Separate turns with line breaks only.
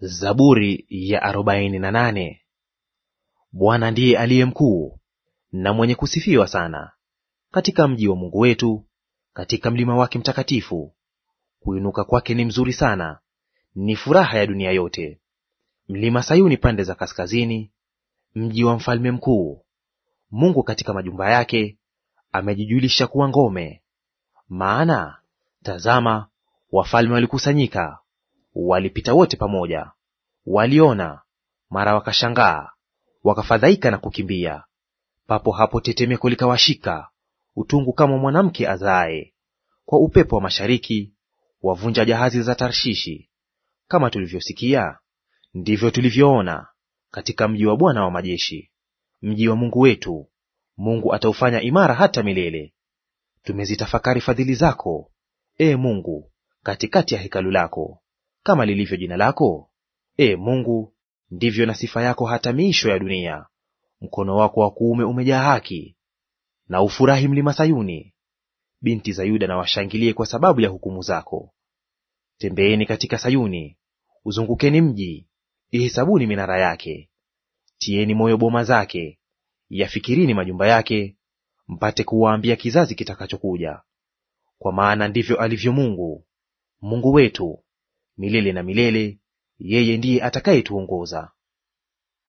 Zaburi ya arobaini na nane. Bwana ndiye aliye mkuu na mwenye kusifiwa sana, katika mji wa Mungu wetu, katika mlima wake mtakatifu. Kuinuka kwake ni mzuri sana, ni furaha ya dunia yote. Mlima Sayuni pande za kaskazini, mji wa mfalme mkuu. Mungu katika majumba yake amejijulisha kuwa ngome. Maana tazama, wafalme walikusanyika, Walipita wote pamoja, waliona, mara wakashangaa, wakafadhaika na kukimbia. Papo hapo tetemeko likawashika, utungu kama mwanamke azaaye. Kwa upepo wa mashariki wavunja jahazi za Tarshishi. Kama tulivyosikia ndivyo tulivyoona katika mji wa Bwana wa majeshi, mji wa Mungu wetu. Mungu ataufanya imara hata milele. Tumezitafakari fadhili zako, e Mungu, katikati ya hekalu lako kama lilivyo jina lako, e Mungu, ndivyo na sifa yako hata miisho ya dunia. Mkono wako wa kuume umejaa haki. Na ufurahi mlima Sayuni, binti za Yuda na washangilie kwa sababu ya hukumu zako. Tembeeni katika Sayuni, uzungukeni mji, ihesabuni minara yake. Tieni moyo boma zake, yafikirini majumba yake, mpate kuwaambia kizazi kitakachokuja. Kwa maana ndivyo alivyo Mungu, Mungu wetu, milele na milele. Yeye ndiye atakayetuongoza.